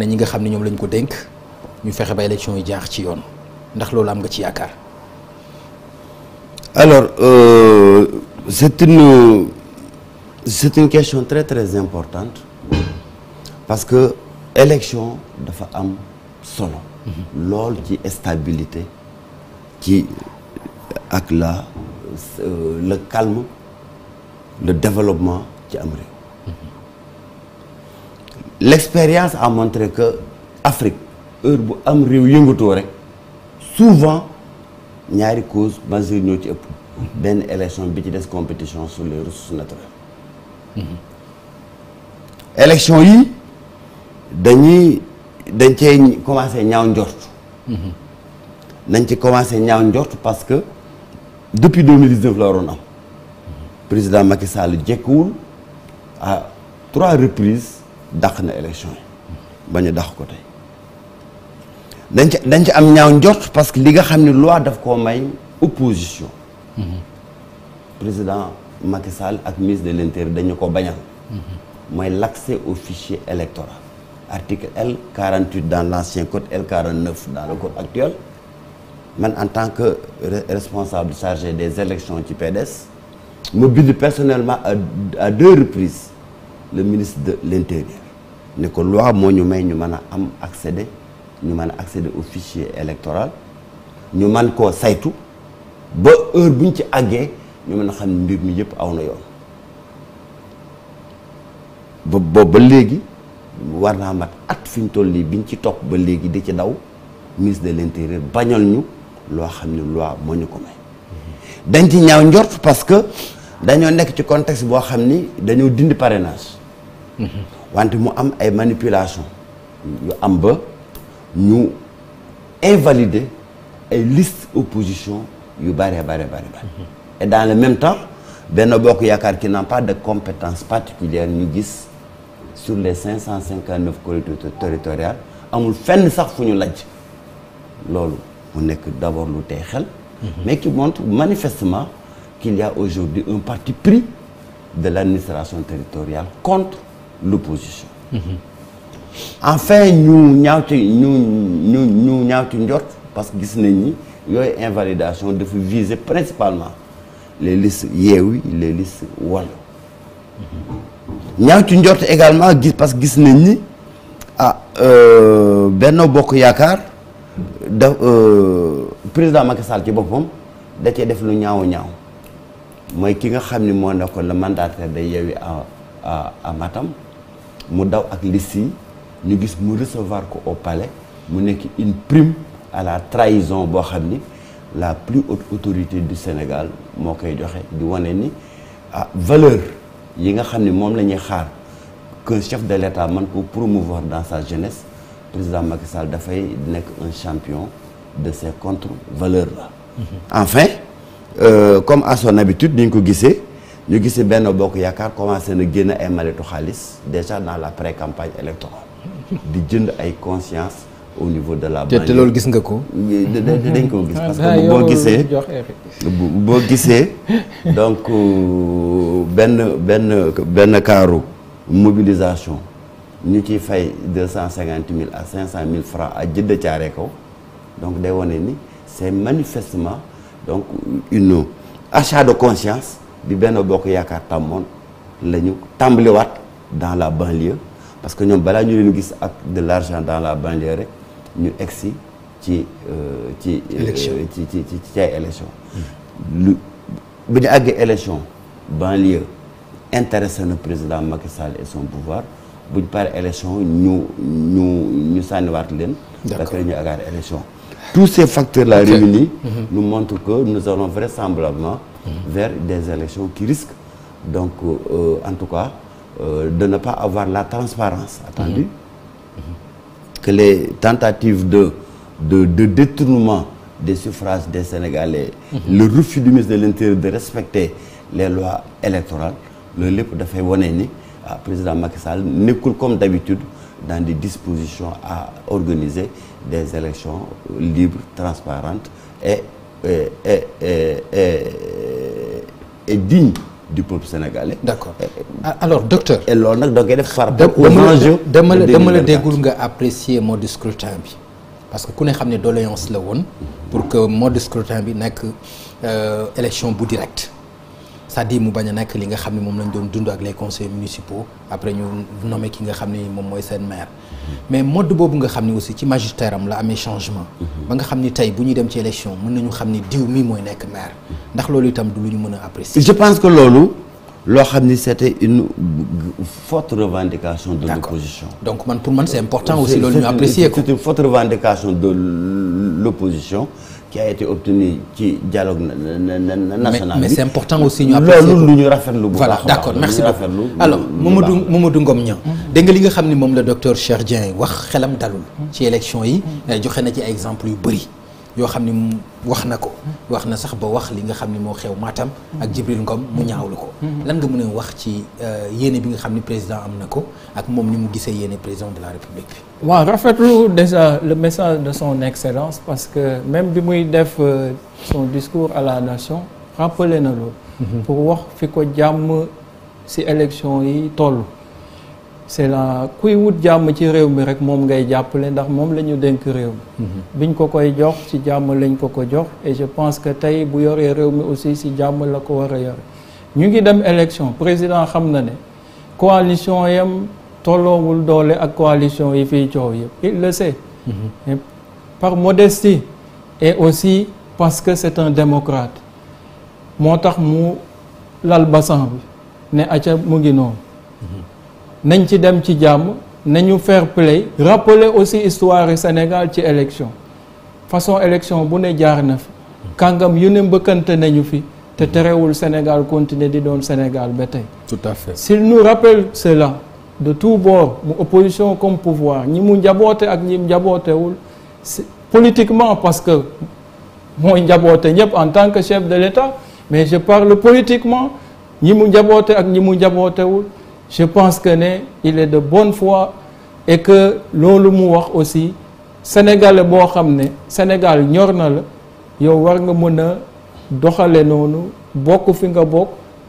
na ñi nga xam ne ñoom lañ ko dénk ñu fexe ba élection yu jaax ci yoon ndax loolu am nga ci yaakaar. alors euh, c'est une c'est une question très très importante parce que élection dafa am solo. lool ci stabilité ci ak la euh, le calme le développement ci am réew. l'expérience a montré que Afrique heure bu am réew yëngatoo rek souvent ñaari cause majeure ñoo ci ëpp benn élection bi ci des compétition sur les ressources naturelles mm-hmm. élection yi dañuy dañ cee commencé ñaaw njort mm-hmm. nañ ci commencé ñaaw njort parce que depuis deux 2019 la waroon am mm-hmm. président Macky Sall jekkuwul à trois reprises dàq na élection yi ba ñu dàq ko tey dañ ca dañ ci am ñaaw njort parce que li nga xam ne loi daf koo may opposition président Macky Sall ak ministre de l'intérieur dañu ko bañal mooy l'accès au fichier électoral article L 48 dans l'ancien code L 49 dans le code actuel man en tant que responsable chargé des élections ci PDS ma bind personnellement à deux reprises le ministre de l'intérieur ne ko loi moo ñu may ñu mën a am accéder ñu mën a accéder au fichier électoral ñu man koo saytu ba heure buñ ci àggee ñu mën a xam mbir mi yëpp aw na yoon ba boobu ba léegi war naa mat at fi ñu toll nii biñ ci topp ba léegi di ci daw ministre de l'intérieur bañal ñu loo xam ne loi moo ñu ko may dañ ci ñaaw njort parce que dañoo nekk ci contexte boo xam ni dañoo dindi parrainage wante mu am ay manipulation yu am ba ñu invalider ay liste opposition yu bare bare bare bare et dans le même temps benn Bokk Yaakaar ki n'a pas de compétence particulière ñu gis sur les 559 collectivités territoriales amul fenn sax fu ñu lajj loolu mu nekk d'abord lu tey xel mhm. mais qui montre manifestement qu'il y a aujourd'hui un parti pris de l'administration territoriale contre l'opposition mhm. enfin ñu ñaawte ñu ñu ñu ñaawte njort parce que gis nañ ni yooyu invalidation dafa viser principalement les listes Yewwi les listes Wallu mhm. ñaawte njort également gis parce que gis nañ ni ah euh, Benno Bokk Yaakaar da euh, président Macky Sall ci boppam da cee def lu ñaaw ñaaw mooy ki nga xam ni moo nekkoon ko mandataire de Yewwi à à à Matam mu daw ak liste ñu gis mu recevoir ko au mu nekk une prime à la trahison boo xam ni la plus haute autorité du Sénégal moo koy joxe di wane ni ah valeur yi nga xam ni moom la ñuy xaar qu'un chef de l'État man ko promouvoir dans sa jeunesse président Macky Sall dafay nekk un champion de ces contre-valeurs là. Mm-hmm. Enfin, euh, comme à son habitude ni ñu ko gisee. ñu gis benn bokk yaakaar commencé na génn ay maletu xaalis déjà naa la pré-campagne électorale di jënd ay conscience au niveau de la banlieue te loolu gis nga ko. dañ koo gis parce que ah, boo gisee boo gisee donc euh, benn benn benn kaaru mobilisation ñu ciy fay deux cent cinquante mille à cinq mille francs ak jënd caare kaw donc day wane ni c'est manifestement donc une achat de conscience. bi benn bokk yaakaar tàmmoon la ñu tàmbaliwaat dans la banlieue parce que ñoom balaa ñu leen gis ak de l'argent dans la banlieue rek ñu egsi ci euh, euh, ci ci ci ci ay élection lu bi ñu àggee élection banlieue intéressé na président Macky Sall et son pouvoir buñ paree élection ñu ñu ñu sànniwaat leen parce que ñu àggaar élection tous ces facteurs là réunis mm-hmm. nous montrent que nous allons vraisemblablement vers des élections qui risquent donc euh, en tout cas euh, de ne pas avoir la transparence attendue mhm. que les tentatives de de de détournement des suffrages des Sénégalais mhm. le refus du ministre de l'Intérieur de respecter les lois électorales loolu lépp dafay wone ni ah président Macky Sall nekkul comme d'habitude dans des dispositions à organiser des élections libres transparentes est, est, est, est digne du peuple sénégalais. d'accord ah, alors docteur. loolu nag da ngay def par rapport aux enjeux dama la dama la déggul nga apprécier mode scrutin bi parce que ku ne xam ne doléance la woon pour que mode scrutin bi nekk euh, élection bu direct cest di mu bañ a nekk li nga xam ne moom lañ doon dund ak les conseils municipaux après ñu nommé ki nga xam ne moom mooy seen maire. mais mode boobu nga xam ni aussi ci magistère am la amee changement. Mhm. ba nga xam ni tey bu ñuy dem ci élection mën nañu xam ni diw mii mooy nekk maire mhm. ndax loolu itam du lu ñu mën a apprécier. je pense que loolu. loo xam ni c'était une forte revendication de donc man pour man c'est important aussi loolu ñu apprécier ko c'est une forte revendication de l'opposition qui a été obtenu ci dialogue national mais, mais c'est important aussi ñu apprécier loolu lu ñu rafetlu bu voilà d'accord merci beaucoup alors Mamadou Mamadou Ngom Niang mm-hmm. dégg nga li nga xam ni moom la cher Cheikh yi wax xelam dalul ci élection yi mm-hmm. joxe na ci exemple yu bëri yoo xam ni wax na ko wax na sax ba wax li nga xam ni moo xew Matam ak Jibril Ngom mu ñaawlu ko lan nga mën a wax ci euh, yéene bi nga xam ni président am na ko ak moom ni mu gisee yéene président de la République bi waaw rafetlu déjà le message de son excellence parce que même bi muy def euh, son discours à la nation rappelé na loolu mm-hmm. pour wax fi ko jàmm ci élection yi toll c'est la kuy wut jàmm ci réew mi rek moom ngay jàppale ndax moom la ñu dénk réew mi mhm. biñ ko koy jox ci jàmm lañ ko ko jox et je pense que tey bu yoree réew mi aussi ci jàmm la ko war a yore ñu ngi dem élection président xam na ne coalition yam tolloowul doole ak coalition yi fiy coow yëpp il le sait mhm. par modestie et aussi parce que c'est un démocrate moo tax mu lal bassan bi ne aca mu ngi noonu nañ ci dem ci jàmm nañu fair play rappeler aussi histoire Sénégal ci élection façon élection bu ne jaar na fi kàngam yu ne mbëkkante nañu fi te terewul Sénégal continuer di doon Sénégal ba tey tout à fait s'il nous rappelle cela de tous bords mu opposition comme pouvoir ñi mu njaboote ak ñi njabootewul politiquement parce que mooy njaboote ñëpp en tant que chef de l'État mais je parle politiquement ñi mu njaboote ak ñi mu njabootewul je pense que ne il est de bonne foi et que loolu mu wax aussi sénégalais boo xam ne Sénégal ñor na la yow war nga mën a doxale noonu bokk fi nga bokk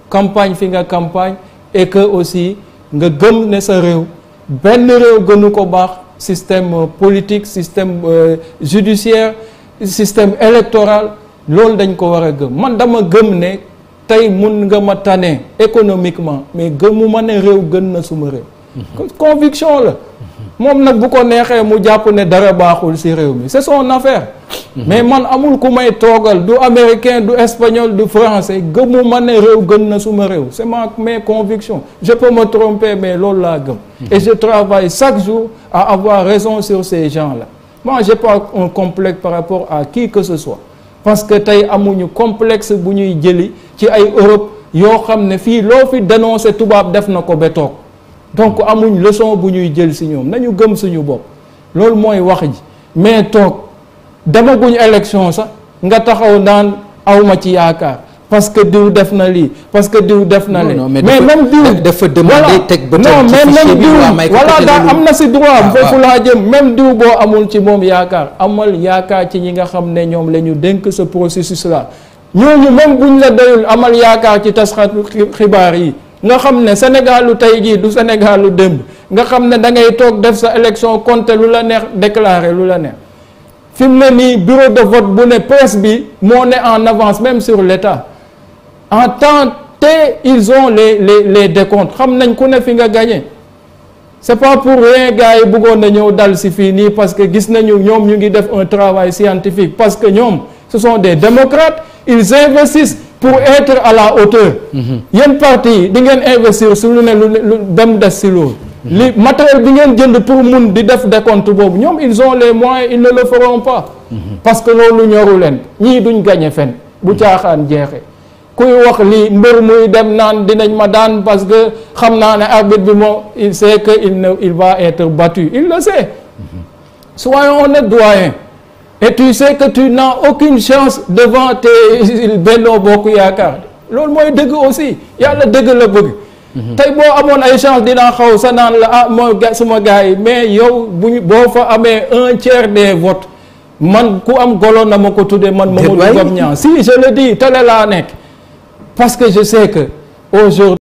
campagne fi nga campagne et que aussi nga gëm ne sa réew benn réew gënu ko baax système euh, politique système euh, judiciaire système électoral loolu dañ ko war a gëm man dama gëm ne tey mun nga ma tane économiquement mais gëmuma ne réew gën na suma réew mhm. conviction la moom nag bu ko neexee mu jàpp ne dara baaxul si réew mi c'est son affaire mhm. mais man amul ku may toogal du américain du espagnol du français gëmuma ne réew gën na suma réew c'est ma mes convictions je peux me tromper mais loolu laa gëm mhm. et je travaille chaque jour à avoir raison sur ces gens-là moi j'ai pas un complexe par rapport à qui que ce soit parce que tey amuñu complexe ci ay Europe yoo xam ne fii loo fi dénoncé tubaab def na ko ba toog donc amuñ leçon bu ñuy jël si ñoom nañu gëm suñu bopp loolu mooy wax ji mais toog demaguñ élection sax nga taxaw naan awma ci yaakaar parce que diw def na lii parce que diw def na lii mais même diw dafa demandé teg ba non mais même diw voilà daa am na si droit ah, foofu laa jëm même diw boo amul ci moom yaakaar amal yaakaar ci ñi nga xam ne ñoom la ñu dénk ce processus laa ñooñu même ñu la doyul amal yaakaar ci tas xibaar yi nga xam ne Sénégalu tey jii du Sénégalu démb nga xam ne da ngay toog def sa élection compter lu la neex déclarer lu la ne fi mu ne nii bureau de vote bu ne presse bi moo ne en avance même sur l'État en temps te ils ont les les les décomptes xam nañ ku ne fi nga gañe c'est pas pour rien gars yi bëggoon na ñëw dal si fii nii parce que gis nañu ñoom ñu ngi def un travail scientifique parce que ñoom. ce sont des démocrates ils investissent pour être à la hauteur yéen parti di ngeen investir su lu ne lu lu dem des si loolu li matériel bi ngeen jënd pour mun di def décompte boobu ñoom ils ont les moyens ils ne le feront pas parce que loolu ñoru leen ñii duñ gañe fen bu caaxaan jeexe kuy wax lii mbër muy dem naan dinañ ma daan parce que xam naa ne arbitre bi moom il sait que il ne il va être battu il le sait soyons honnêtes doyen et tu sais que tu n'as aucune chance devant tes Benno Bokk Yaakaar loolu mooy dëgg aussi yàlla dëgg la bëgg. Mhm. tey boo amoon ay chance dinaa xaw sa naan la ah moo ga sama gars yi mais yow bu boo fa amee un tiers des votes man ku am golo na ma ko tuddee man. Mamadou Ngom Niang si je le dis télé laa nekk parce que je sais que aujourd'hui